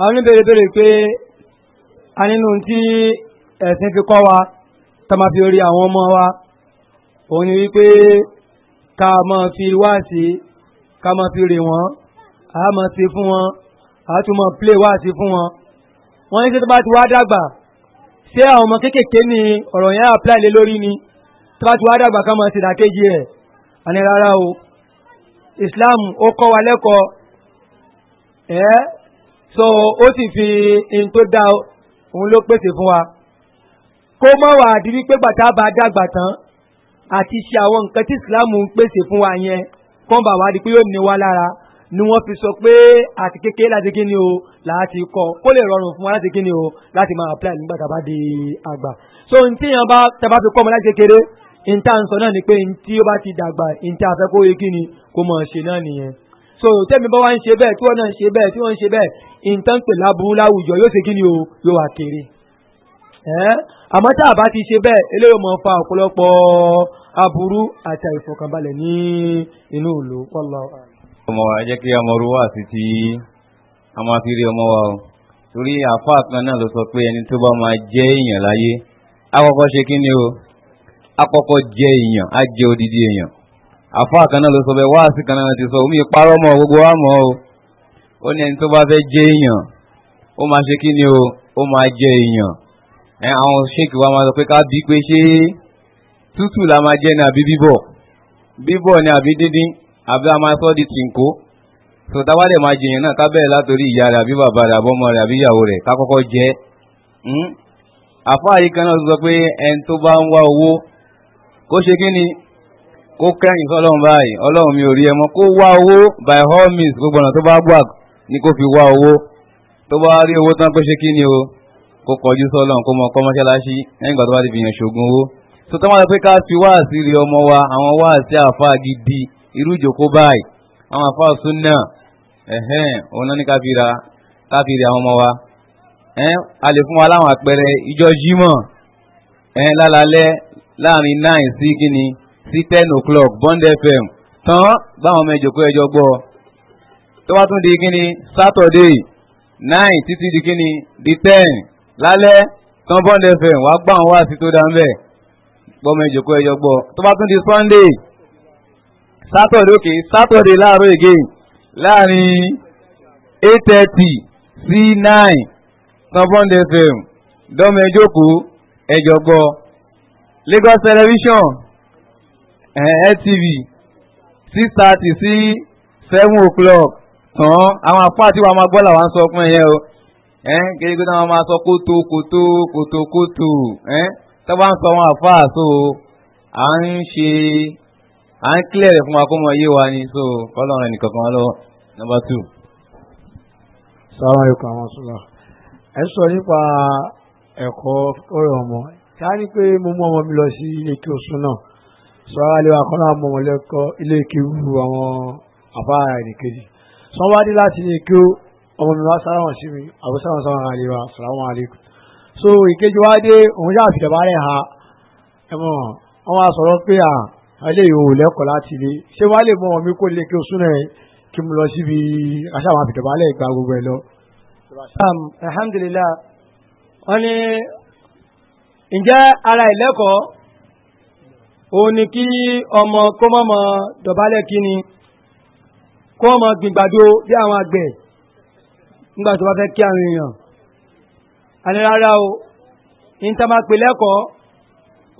àwọn oníbèrè bèrè pé a nínú tí ẹ̀sìn fi kọ́ wa tá máa fi orí àwọn ọmọ wa òun ni wípé ká máa fi wáàsí ká máa fi rè wọ́n a máa ṣe fún wọn a tún máa plé wáàsí fún wọn. wọ́n ní sẹ́tọ́ bá ti wá dàgbà ṣé àwọn ọmọ kéékèèké ni ọ̀rọ̀ yẹn apply lé lórí ni tó bá ti wá dàgbà ká máa ṣe ìdàkejì ẹ̀ àní rárá o Islam ó kọ́ wa lẹ́kọ̀ọ́ ẹ́ so ó sì fi in tó dá òun ló pèsè fún wa kó mọ́ wà á di wípé gbàtà bá dàgbà tán àti ṣe àwọn nǹkan tí ìsìláàmù ń pèsè fún wa yẹn kán bà wá di pé yóò ní wa lára ni wọ́n fi sọ pé àti kékeré láti kí ni o láti kọ kó lè rọrùn fún wa láti kí o láti máa apply nígbà tá a bá di àgbà so n tí yẹn bá tẹ́bá fi kọ́ ọmọ láti kékeré n tá à ń sọ náà ni pé n tí ó bá ti dàgbà n tí a fẹ́ kó yẹ kí ni kó mọ̀ ṣe náà nìyẹn so tẹ́mi bá wá ń ṣe bẹ́ẹ̀ tí wọ́n náà ń ṣe bẹ́ẹ̀ tí wọ́n ń ṣe bẹ́ẹ̀ nǹkan pè láburú láwùjọ yóò ṣe kí ni o yóò wà kéré àmọ́ tá a bá ti ṣe bẹ́ẹ̀ eléyìí mọ̀ fa ọ̀pọ̀lọpọ̀ aburú àti àìfọkànbalẹ̀ ní inú ìlú pọ́lọ. ọmọ wa jẹ́ kí ọmọ orúwà sí ti ọmọ afiri ọmọ wa o torí àáfàá kan náà ló sọ pé ẹni tó bá máa jẹ́ èèyàn láyé àkọ́kọ́ ṣe kí ni o àkọ́kọ́ jẹ́ èèyàn á jẹ́ odidi èèyàn àfa àkànná ló sọ bẹ́ẹ̀ wá sí kan náà ti sọ omi ìparọ́ mọ́ gbogbo wa mọ́ o ó ní ẹni tó bá fẹ́ jẹ́ èèyàn ó máa ṣe kí ni o ó máa jẹ èèyàn ẹ àwọn ṣéèkì wa máa sọ pé ká bí pé ṣé tútù la máa jẹ ní àbí bíbọ̀ bíbọ̀ ní àbí díndín àbí a máa sọ di tìǹkó sọ̀tà wá dẹ̀ máa jẹyàn náà ká bẹ̀rẹ̀ látòrí ìyá rẹ̀ àbí bàbá rẹ̀ àbí ọmọ rẹ̀ àbí ìyàwó rẹ̀ ká kọ́kọ́ jẹ́ hmm? àfáà yìí kan sọ pé ẹni tó bá ń wá owó kó ṣe kí ni kó kẹ́yìn fọlọ́run báyìí ọlọ́run mi ò rí ẹ mọ́ kó wá owó by all means gbogbo ọ̀nà tó bá gbà ní kó fi wá owó tó bá rí owó tán pé ṣé kí ni o kó kọjú sọlọ́run kó mọ kọ́ mọ́ṣáláṣí lẹ́yìn ìgbà tó bá ti fi yàn ṣoògùn owó tó tọ́ máa pé ká fi wáàsí rí ọmọ wa àwọn wáàsí àfa gidi irú ìjòkó báyìí àwọn àfa súnà ẹ̀hẹ́n òun náà ní ká fi àwọn ọmọ wa a lè fún wa láwọn àpẹẹrẹ ìjọ jímọ̀ lálalẹ́ láàrin nine sí kíni sí ten o'clock bond fm tán báwọn ọmọ ìjòkó ẹjọ gbọ́ tó bá tún di kíni saturday nine títí di kíni di ten lálẹ́ tán bond fm wàá gbà wọn wá sí tó dá ń bẹ̀ ìjòkó ẹjọ gbọ́ tó bá tún di sunday saturday òkè saturday láàárọ̀ èké láàrin eight thirty sí nine tán bond fm dọ́mọ ìjòkó ẹjọ gbọ́ Lagos television NTV eh, six thirty sí seven o'clock tán àwọn apá àti wàá máa gbọ́ làwọn á sọ fún ẹ yẹn o kéde eh, kótó àwọn máa sọ kótó kótó kótó kótó sábà ń sọ àwọn àfa àso à ń ṣe à ń kílẹ̀ rẹ̀ fún wa kó mọ iye wa ni so kọ́lọ́run ẹnìkan kan lọ number two. sàrán ikọ̀ àwọn sùlọ ẹ sọ nípa ẹ̀kọ́ ọ̀rọ̀ ọmọ ká ní pé mo mú ọmọ mi lọ sí ilé kí o sún náà sọ́wọ́lé wa kọ́nà mọ̀mọ́lẹ́kọ́ ilé ìkéwù àwọn àbára ẹnìkejì sọ́wọ́dé láti ní kí ọmọ mi wá sáwọn sí mi àbúrò sáwọn sáwọn àlè wa sàlámù àlékún so ìkejì wá dé òun yà fi rẹ̀ ha ẹ̀mọ́ wọn wá sọ̀rọ̀ pé à ilé ìhòòhò lẹ́kọ̀ọ́ láti ilé ṣé wàá lè mọ mi kó lè kí o súnà ẹ̀ kí mo lọ síbi aṣáwọn àfìdẹ̀bá lẹ̀ gba gbogbo ẹ̀ lọ. alhamdulilayi wọn ni ǹjẹ́ ara ìlẹ́kọ̀ọ́ òun ni kí ọmọ kó mọ́mọ́ dọ̀bálẹ̀ kíni kó mọ́ gbìngbàdo bí àwọn àgbẹ̀ nígbà tó bá fẹ́ kí àwọn o ní tá máa pè lẹ́kọ̀ọ́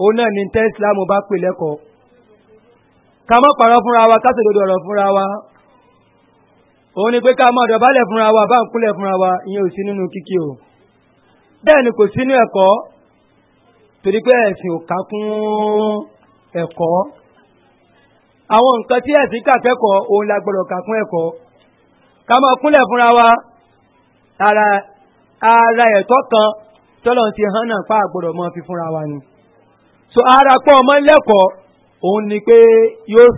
òun náà ni tẹ́ ìsìlámù bá pè lẹ́kọ̀ọ́ ká mọ́ fúnra wa ká tòdodo ọ̀rọ̀ fúnra wa òun ni pé ká mọ́ dọ̀bálẹ̀ fúnra wa bá ń fúnra wa ìyẹn ò sí nínú kíkí o bẹ́ẹ̀ ni kò sínú ẹ̀kọ́ torí pé ẹ̀sìn ò ká kún ẹ̀kọ́ àwọn nǹkan tí ẹ̀sìn kàkẹ́kọ̀ọ́ òun la gbọ́dọ̀ kà fún ẹ̀kọ́ ká máa kúnlẹ̀ fúnra wa ara ẹ̀tọ́ kan tọ́lọ̀ ti hàn náà pa àgbọ̀dọ̀ mọ́ fi fúnra wa ni so ara pọ̀ ọmọ lẹ́kọ̀ọ́ òun ni pé yóò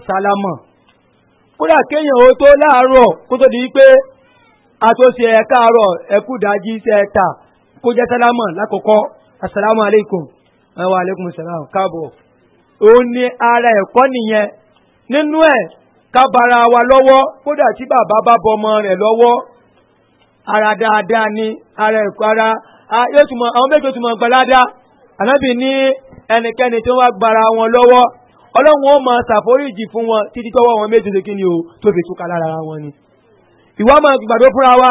kéèyàn ó tó láàárọ̀ kó tó di pé ẹ̀ káàárọ̀ dájí iṣẹ́ kó jẹ́ òun ni ara ẹ̀kọ́ nìyẹn nínú ẹ̀ kábàárà wa lọ́wọ́ kódà tí bàbá bá bọ ọmọ rẹ̀ lọ́wọ́ ara dáadáa ni ara ẹ̀kọ́ ara yóò tún mọ àwọn méjì tún mọ gbalada ànábì ní ẹnikẹ́ni tí wọ́n gbara wọn lọ́wọ́ ọlọ́run ó mọ ṣàforíjì fún wọn títí tọ́wọ́ wọn méjì ṣe kí o tó fi túká lára wọn ni. ìwọ ọmọ gbàgbé fúnra wa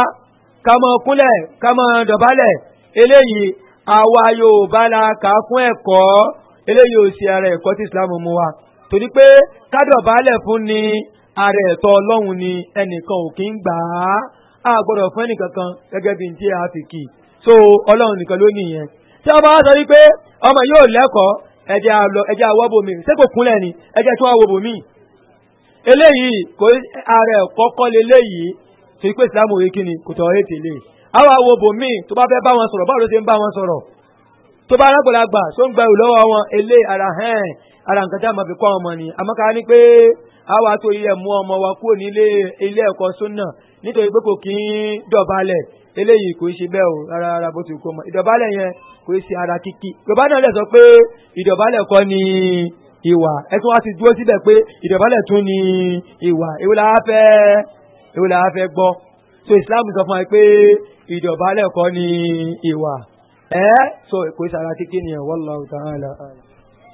ká mọ kúnlẹ̀ ká mọ dọ̀bálẹ̀ eléyìí àwa yóò bá la kà á fún ẹ̀kọ́ eléyìí ò sí ara ẹ̀kọ́ tí islam mú wa torí pé kádọ̀bálẹ̀ fún ni ara ẹ̀tọ́ ọlọ́run ni ẹnìkan ò kí ń gbà á a fún ẹnìkankan gẹ́gẹ́ bí n tí a fi kì so ọlọ́run nìkan ló nìyẹn tí wọ́n bá wá sọ wípé ọmọ yóò lẹ́kọ̀ọ́ ẹ̀jẹ̀ àlọ́ ẹ̀jẹ̀ àwọ̀bòmí ṣé kò kúnlẹ̀ ni ẹ̀jẹ̀ tí wọ́n wọ̀bòmí eléyìí kò ara ẹ̀kọ́ kọ́ leléyìí torí pé islam òye kí ni kò tọ̀ ọ́ ètè lè àwọn àwọ̀bòmí tó bá fẹ́ bá wọn sọ̀rọ̀ báwo ló ṣe ń bá wọn sọ̀rọ̀ tó bá alágbàlagbà tó ń gba ìlú lọ́wọ́ wọn elé ara hẹ́n ara nǹkan tá a máa fi kọ́ ọmọ ni àmọ́ ká ní pé àwa tó yẹ mú ọmọ wa kúrò nílé ilé ẹ̀kọ́ súnà nítorí pé kò kí ń dọ̀bálẹ̀ eléyìí kò í ṣe bẹ́ẹ̀ o rárá rárá bó ti kó mọ ìdọ̀bálẹ̀ yẹn kò í ṣe ara kíkí yorùbá náà lè sọ pé ìdọ̀bálẹ̀ kọ́ ni ìwà ẹtún wá ti dúró síbẹ̀ pé ìdọ̀bálẹ̀ tún ni ìwà èwo la fẹ́ èwo la fẹ́ gbọ́ so islam sọ fún wa pé ìdọ̀bálẹ̀ kọ́ ni ìwà ẹ so èkó sara kékeré ni ẹ wọ́n lọ ọ̀tá hàn lọ.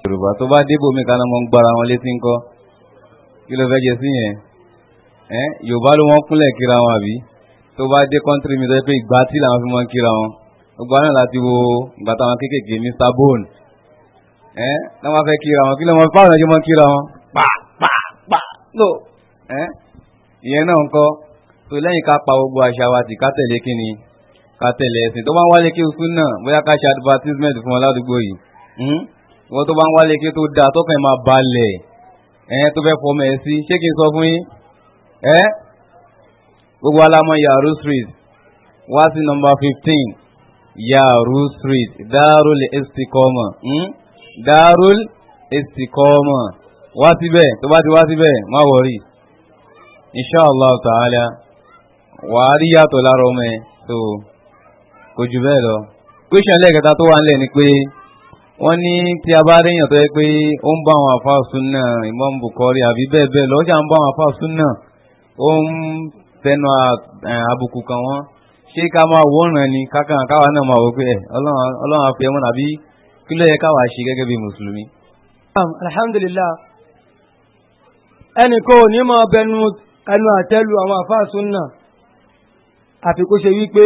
yorùbá tó bá débò mi kan náà mo ń gbára wọn létí ńkọ kí ló fẹ́ jẹ sí yẹn ẹ yorùbá ló wọ́n kúnlẹ̀ kíra wọn àbí tó bá dé kọ́ńtírì mi tó yẹ pé ìgbà tí làwọn fi máa ń kíra wọn gbogbo àná láti wo ìgbà táwọn kéékèèké mr bone ẹ náà wọ́n fẹ́ kíra wọn kí ló wọn fáwọn ẹjọ́ máa kíra wọn pa pa pa no ẹ ìyẹn náà ńkọ tó lẹ́yìn ká pa gbogbo àṣà wa tì ká tẹ̀lé kí ni ká tẹ̀lé ẹ̀sìn tó bá ń wálé kí oṣù náà bóyá ká ṣe advertisement fún wọn ládùúgbò yìí hmm? wọ́n tó bá ń wálé kí tó dáa tọ́kàn máa balẹ̀ ẹ̀ tó fẹ́ fọmọ ẹ̀ sí ṣé kí n sọ fún yín ẹ́ gbogbo alamọ yahoo street wá sí nọmba fifteen yahoo street darul istikoma hmm? darul istikoma wá síbẹ̀ tó bá ti wá síbẹ̀ má wọrí inshallah ta'ala wàá rí yàtọ̀ lára ọmọ ẹ̀ tó. So, kò jù bẹ́ẹ̀ lọ question lẹ́ẹ̀kẹta tó wà nílẹ̀ ni pé wọ́n ní tí a bá réyàn tó yẹ pé ó ń bá àwọn àfa súnà Imam Bukhari àbí bẹ́ẹ̀ bẹ́ẹ̀ lọ ó ṣà ń bá àwọn àfa súnà ó ń tẹnu àbùkù kan wọ́n ṣé ká máa wọ́ràn ni kákan káwa náà máa wọ pé ẹ ọlọ́run àfi ẹmọ́ àbí kí ló yẹ káwa ṣe gẹ́gẹ́ bí mùsùlùmí. alhamdulillah ẹnì kan ò ní máa bẹnu ẹnu àtẹ́lu àwọn àfa súnà àfi ṣe wípé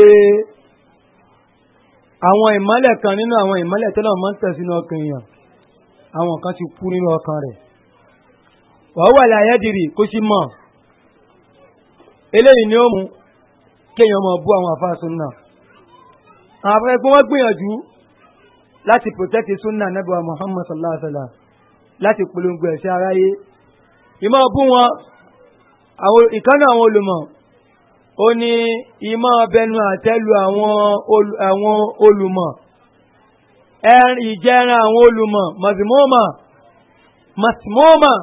àwọn ìmọ́lẹ̀ kan nínú àwọn ìmọ́lẹ̀ tó náà máa ń tẹ̀ sínú ọkàn èèyàn àwọn kan ti kú nínú ọkàn rẹ̀ wàá wà láyé dìrì kó sì mọ̀ eléyìí ni ó mú kéèyàn máa bú àwọn àfa sunna àwọn afẹ́fẹ́ pé wọ́n gbìyànjú láti protect sunna nàbẹ̀wá muhammad sallallahu alayhi wa sallam láti polongo ẹ̀sẹ̀ aráyé ìmọ̀ bú wọn ìkànnì àwọn olùmọ̀ ó ní ìmọ̀ ọbẹ̀nu àtẹ́lu àwọn olùmọ̀ ìjẹran àwọn olùmọ̀ ma mọ̀símọ́mà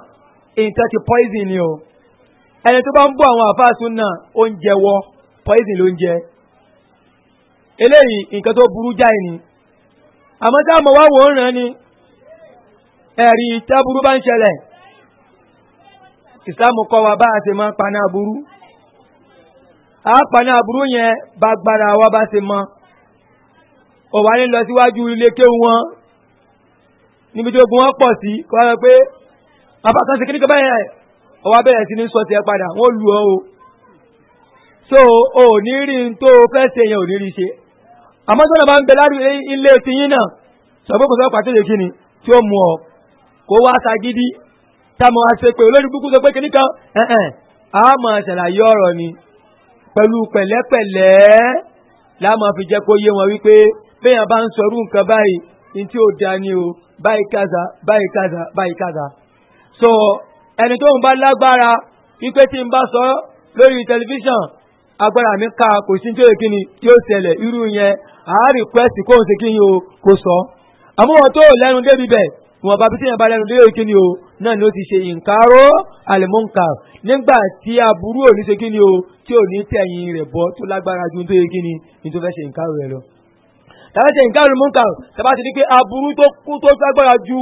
nǹkan ti poison ni o ẹni tó bá ń bọ́ àwọn àfáàsùn náà oúnjẹ wọ poison ló ń jẹ eléyìí nǹkan tó burú jáì ni àmọ́ tá a wá wò ni ẹ̀rí táburú bá ń ṣẹlẹ̀ wa bá a máa burú. àápàní àbúrò yẹn bá gbára wa bá ṣe mọ ọ̀wá ní lọ síwájú ilé kéwù wọn níbi tí ogun wọn pọ̀ sí kọ́ ẹ pé abákan ṣe kíníkan báyẹn ọwọ́ abẹ́rẹ́ sí ní sọ tiẹ̀ padà wọ́n lù ọ́ o so ò ní rí n tó fẹ́ ṣe yẹn ò ní rí ṣe àmọ́ sọ́nà máa ń bẹ láti ilé tiyín náà sọ pé kò sọ pàtẹ́lẹ̀ kí ni tí ó mú ọ kó wá sagídí táwọn aṣèpè olórí kúkú sọ pé kíníkan ẹ̀ẹ́n àmọ́ ṣàlàyé ọ̀rọ̀ ni pẹ̀lú pẹ̀lẹ́pẹ̀lẹ́ láàmú fi jẹ́ kó yé wọn wípé béèyàn bá ń sọrú nǹkan báyìí ní tí ò da ni o báyìí kaza báyìí kaza báyìí kaza. so ẹni tó ń bá lágbára wípé tí n bá sọ lórí tẹlifíṣàn agbára mi ká kò sí tí ó yẹ kí tí ó ṣẹlẹ̀ irú yẹn àá rìkwẹ́sì kóhùn sí kí o kò sọ. àmúwọ̀n tó lẹ́nu débi bẹ́ẹ̀ ìwọ̀n bá bí tí bá lẹ́nu lórí kíni o náà ni ó ti ṣe ìǹkaró àlẹ́mọ́ǹkà nígbà tí aburú ò ní ṣe kíni o tí ò ní tẹ̀yìn rẹ̀ bọ́ tó lágbára ju tó yẹ kíni ní tó fẹ́ ṣe ìǹkaró rẹ̀ lọ. tàbí ṣe ìǹkaró mọ́ǹkà tàbí ti di pé aburú tó kú tó lágbára ju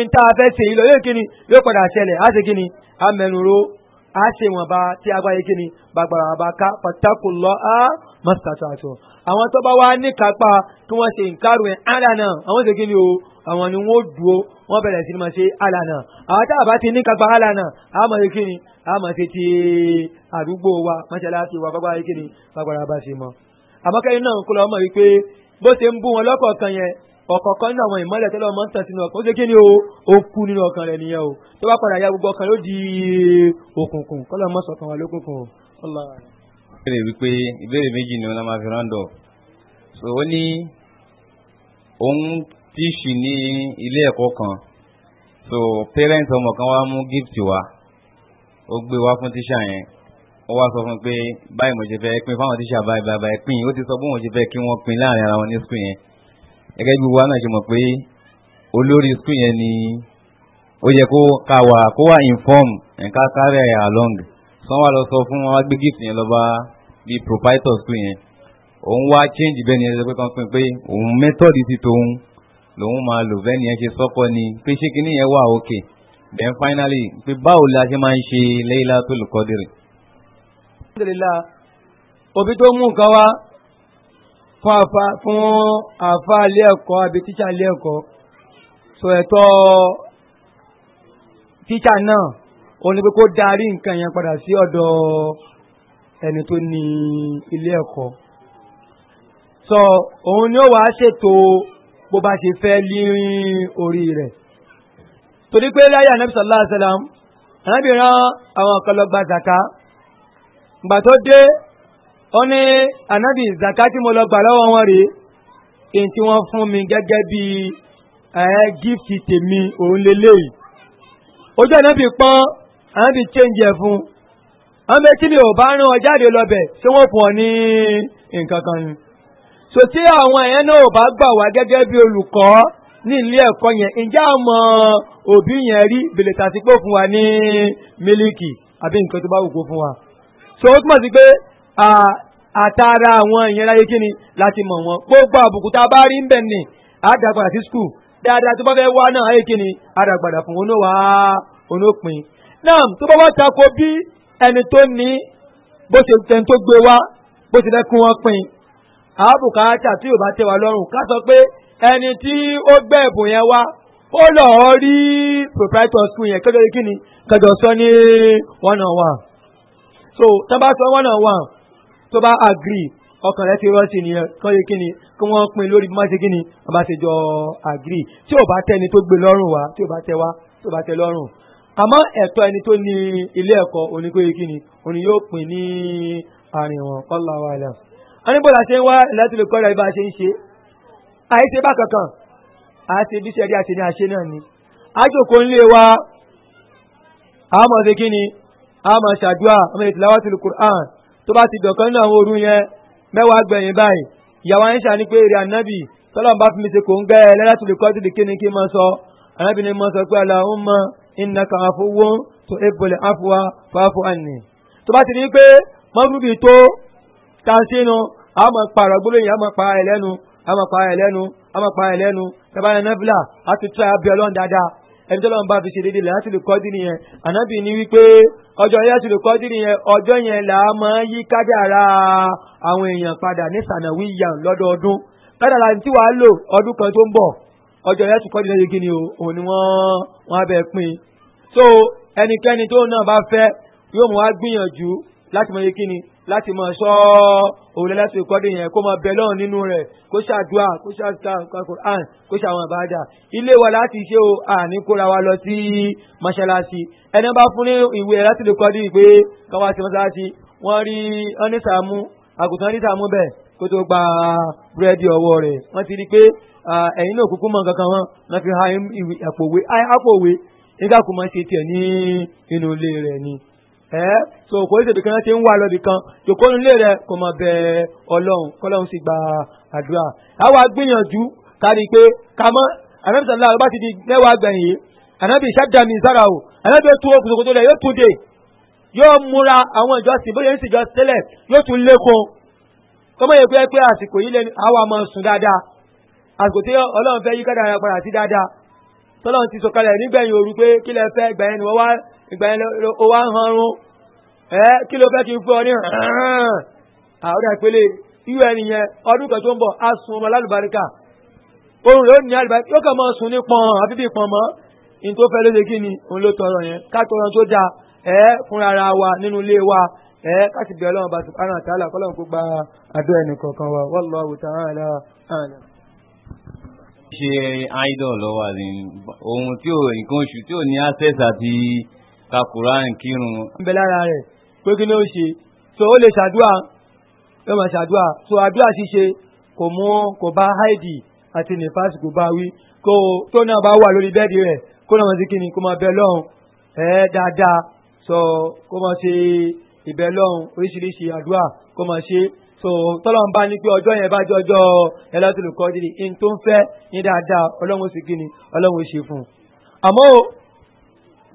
ìta fẹ́ ṣe yìí lọ yóò kíni yóò padà ṣẹlẹ̀ á ṣe kíni á mẹnuro á ṣe ìwọ̀nba tí agbára kíni gbàgbàrà bá ká pàtàkùlọ́ á mọ́sítàtà àwọn tó bá wá níkápá kí wọ́n ṣe ìǹkaró ẹ̀ ádà náà àwọn ṣe kíni o àwọn ni wọ́n dúró wọ́n bẹ̀rẹ̀ sí ni máa ṣe alànà àwọn tá a bá ti ní kagbá alànà a máa ṣe kíni ṣe ti àdúgbò wa mọ́ṣáláṣí wa bàbá yìí kíni bàbá bá ṣe mọ́. àmọ́ kẹ́yìn náà ń kó lọ́wọ́ mọ̀ wípé bó ṣe ń bú wọn lọ́kọ̀ọ̀kan yẹn ọ̀kọ̀ọ̀kan nínú àwọn ìmọ̀lẹ̀ tẹ́lẹ̀ ọmọ ń tàn sínú ọkàn ó ṣe kíni o ó kú nínú ọkàn rẹ̀ nìyẹn o tó bá padà ya gbogbo ọkàn di òkùnkùn kọ́lọ́ mọ́ sọ̀kan wà lókùnkùn o. ìbéèrè wípé ìbéèrè ni wọn máa so ó ní tíṣì ní ilé ẹ̀kọ́ kan so parent ọmọ kan wá mú gift wá ó gbé wá fún tíṣà yẹn ó wá sọ fún pé báyìí mo ṣe fẹ́ pín fáwọn tíṣà báyìí báyìí báyìí pín ó ti sọ pé wọ́n ṣe fẹ́ kí wọ́n pín láàrin ara wọn ní school yẹn gẹ́gẹ́ bí wa náà ṣe mọ̀ pé olórí school yẹn ni ó yẹ kó ká wà kó wà inform nǹkan carry along sọ wá lọ sọ fún wọn wá gbé gift yẹn lọ bí proprietor school yẹn òun wá change bẹ́ẹ̀ ni ẹ sọ pé kan pín pé òun method ti tòun lòun máa lò bẹ́ẹ̀ nìyẹn ṣe sọ́kọ́ ni pé ṣé kíní yẹn wà òkè then finally pé báwo la ṣe máa ń ṣe Laylatul Qadr. alhamdulillah òbí tó mú nǹkan wá fún àfa fún àfa ilé ẹ̀kọ́ àbí tíṣà ilé ẹ̀kọ́ sọ ẹ̀tọ́ tíṣà náà òun ni pé kó darí nǹkan yẹn padà sí ọ̀dọ̀ ẹni tó ní ilé ẹ̀kọ́ sọ òun ni ó wàá ṣètò bó bá ṣe fẹ́ lírin orí rẹ̀ torí pé láyé anabi sallallahu alayhi anabi ran àwọn kan lọ gba zaka gbà tó dé ó ní anabi zaka tí mo lọ gbà lọ́wọ́ wọn rèé kí n tí wọ́n fún mi gẹ́gẹ́ bí ẹ̀ gífìtì tèmi òun lélẹ́yìí ojú anabi pọ́n anabi change ẹ̀ fún un àwọn méjì ni ò bá rán ọ jáde lọ bẹ̀ ṣé wọ́n fún ọ ní nǹkan kan ni so tí àwọn yẹn náà ò bá gbà wá gẹ́gẹ́ bí olùkọ́ ní ilé ẹ̀kọ́ yẹn ǹjẹ́ àmọ́ òbí yẹn rí bèlè tàbí pò fún wa ní mílíkì àbí nǹkan tó bá wù kó fún wa. so ó túmọ̀ sí pé àtàrà àwọn ìyẹn láyé kí ni láti mọ̀ wọn gbogbo àbùkù tá a bá rí ń bẹ̀ ni àdàgbàdà sí skul dáadáa tó bá fẹ́ wá náà ayé kí ni àdàgbàdà fún wọn wá onópin. náà tó bá wá tako bí ẹni tó ní bó ṣe tẹ̀ tó gbé wá bó ṣe fẹ́ kí wọ́n pin àbùkátà tí ò bá tẹ wá lọ́rùn ká sọ pé ẹni tí ó gbẹ́ ẹ̀bùn yẹn wá ó lọ́ọ́ rí proprietor school yẹn kẹjọ kí ni kẹjọ sọ ní one on one so tó bá sọ one on one tó bá agree ọkàn rẹ ti rántí nìyẹn kọ́ yé kí ni kí wọ́n pin lórí bí wọ́n ṣe kí ni wọ́n bá ṣe jọ agree tí ò bá tẹ ẹni tó gbé lọ́rùn wá tí ò bá tẹ wá tí ò bá tẹ lọ́rùn àmọ́ ẹ̀tọ́ ẹni tó ní ilé ẹ̀kọ́ oníkóyè kí ni òní yóò pin ní àárín kọ́ làwọn àlẹ́ aníbọ̀lá ṣe ń wá ìlàtúlẹ̀ kọ́ ìrọ̀lẹ́ bá ṣe ń ṣe àìṣe bá kankan àti bí sẹ́rí àti ní àṣẹ náà ni àjòkó ńlẹ̀ wa àmọ̀ ṣe kí ni àmọ̀ ṣàdúrà àmọ̀ ètò láwọ́ tìlù quran tó bá ti na nínú àwọn òru yẹn mẹ́wàá gbẹ̀yìn báyìí ìyàwó ayé ṣàní pé èrè ànábì tọ́lọ́mù bá fi mi ṣe kò ń gẹ́ ẹ lẹ́lẹ́tùlẹ̀ kọ́ tìlù kí ni kí n mọ sọ ànábì ni mo sọ pé aláhùnmọ́ ìnàkà àfọwọ́ tó ébọlẹ̀ àfọwà fàáfọ́ àní tó bá ti ní pé mọ́rúbì tó tá a ṣe nu a máa pa àrà gbólóyìn a máa pa ara ẹ̀ lẹ́nu a máa pa ara ẹ̀ lẹ́nu a máa pa ara ẹ̀ lẹ́nu tabalẹ̀ nẹ́fìlà a ti tún abẹ́ ọlọ́run dáadáa ẹni tó lọ́n bá fi ṣe déédéé láti lè kọ́ dín nìyẹn ànábì ní wípé ọjọ́ yẹn láti lè kọ́ dín nìyẹn ọjọ́ yẹn là á máa yí kádàrà àwọn èèyàn padà ní sànàwí yàn lọ́dọọdún kádàrà tí wàá lò ọdún kan tó ń bọ̀ ọjọ́ yẹn láti kọ́ dín nìyẹn òun ni wọ́n wọ́n á bẹ̀ pín so ẹnikẹ́ni tó náà bá fẹ́ yóò mú wa gbìyànjú láti mọ yé kíni láti máa sọ òun láti kọ́dé yẹn kó máa bẹ lọ́run nínú rẹ̀ kó ṣàdúà kó ṣàkà kọ́kọ́rán kó ṣàwọn àbájá ilé wa láti ṣe o àní kóra wa lọ sí mọ́ṣáláṣí ẹni bá fún ní ìwé láti lè kọ́dé pé káwá sí mọ́ṣáláṣí wọ́n rí ọ́nísàmú àgùntàn ọ́nísàmú bẹ́ẹ̀ kó tó gba búrẹ́dì ọwọ́ rẹ̀ wọ́n ti rí pé ẹ̀yin náà kúkú mọ̀ kankan wọn wọ́n fi ha àpòwé nígbà kó máa ṣe tiẹ̀ ní inú ilé rẹ̀ ni ẹ so kò ní tètè kan ti ń wá lọ bìkan jòkó nílé rẹ kò mọ bẹ ọlọrun kọlọrun sì gba àdúrà àwa gbìyànjú kárí pé kàmọ anabi sàlá ọba ti di mẹwàá gbẹyìn yìí anabi sàdámi sára o anabi ó tún okùn sòkòtò rẹ yóò tún dé yóò múra àwọn ìjọsìn bóyá ń sì jọ tẹlẹ yóò tún lékun kọmọ yẹ pé pé àsìkò yìí lẹni àwa máa sùn dáadáa àsìkò tí ọlọrun fẹ yí kádàrà padà sí dáadáa tọlọrun ti sọkalẹ nígbẹyìn òru pé kílẹ fẹ gbẹyìn ni wọn wá ìgbà yẹn ó wá ń hanrun ẹ kí ló fẹ́ kí n fún ọ ní hàn àwọn ìpele irú yẹn ọdún kan tó ń bọ̀ á sun ọmọ lálùbáríkà oorun rẹ̀ ní àlùbáríkà yóò kàn máa sun ní pọn àbí bí pọn mọ́ ní tó fẹ́ ló ṣe kí ni òun ló tọrọ yẹn ká tọrọ tó dáa ẹ fúnra ara wa nínú ilé wa ẹ káti bẹ̀rẹ̀ lọ́wọ́ bá ti ara àtàlà kọ́lọ́n kó gba àdó ẹnì kọ̀ọ̀kan wa wọ́n lọ àwòtá àlà àlà. ṣe idol lọ́wọ́ àti ohun tí ò nǹkan oṣù tí ò ní access àti ka Quran kírun. ń bẹ lára rẹ̀ pé kí ló ṣe so ó lè ṣàdúrà yóò máa ṣàdúrà so àdúrà ṣíṣe kò mú kò bá haidi àti nifas kò bá wí kó tó náà bá wà lórí bẹ́ẹ̀dì rẹ̀ kó náà máa ṣe kíni kó máa bẹ lọ́hùn ẹ̀ dáadáa so kó máa ṣe ìbẹ̀ lọ́hùn oríṣiríṣi àdúrà kó máa ṣe so tọ́lọ́n bá ní pé ọjọ́ yẹn bá jẹ́ ọjọ́ ẹlẹ́tùlùkọ́ dìrì in tó ń fẹ́ ní dáadáa ọlọ́run ó sì kíni ọlọ́run ó ṣe fún un àmọ́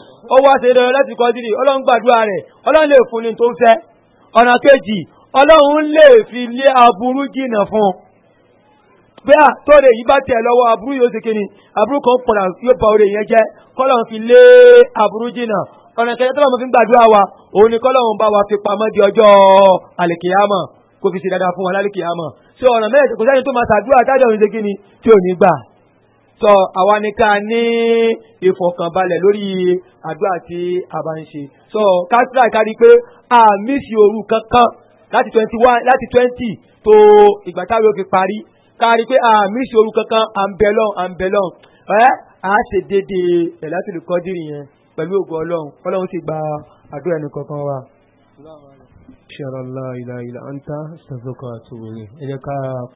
ó wá ṣe dandan láti kọ́dírì ọlọ́run gbàdúrà rẹ̀ ọlọ́run lè fún ni tó ń fẹ́ ọ̀nà kejì ọlọ́run lè fi lé aburú jìnnà fún un pé à tó lè yí bá tẹ̀ lọ́wọ́ aburú yóò ṣe kíni aburú kan pọ̀nà yóò ba orí yẹn jẹ́ kọ́lọ́run fi lé aburú jìnnà ọ̀nà kẹta tó lọ́mọ fi ń gbàdúrà wa òun ni kọ́lọ́run bá wa fi pamọ́ di ọjọ́ àlèkèyàmọ̀ kó fi ṣe dáadáa fún wa lálèkèyàmọ̀ ṣé ọ̀nà mẹ́rin tó máa ṣàdúrà dájọ́ òun tọ àwa ni ká ní ìfọkànbalẹ̀ lórí àdúrà tí a bá ń ṣe sọ kásíra kárí pé a mísì òru kankan láti twenty one láti twenty tó ìgbà táwọn òkè parí kárí pé a mísì òru kankan à ń bẹ lọ́n à ń bẹ lọ́n ẹ́ à á ṣe déédéé ẹ̀ láti lè kọ́ dìrì yẹn pẹ̀lú ògùn ọlọ́run ọlọ́run sì gba àdúrà ẹnì kankan wa. ṣe ara la ìlà ìlà ń ta ṣàzọkọ àtúwèrè ẹ jẹ́ ká.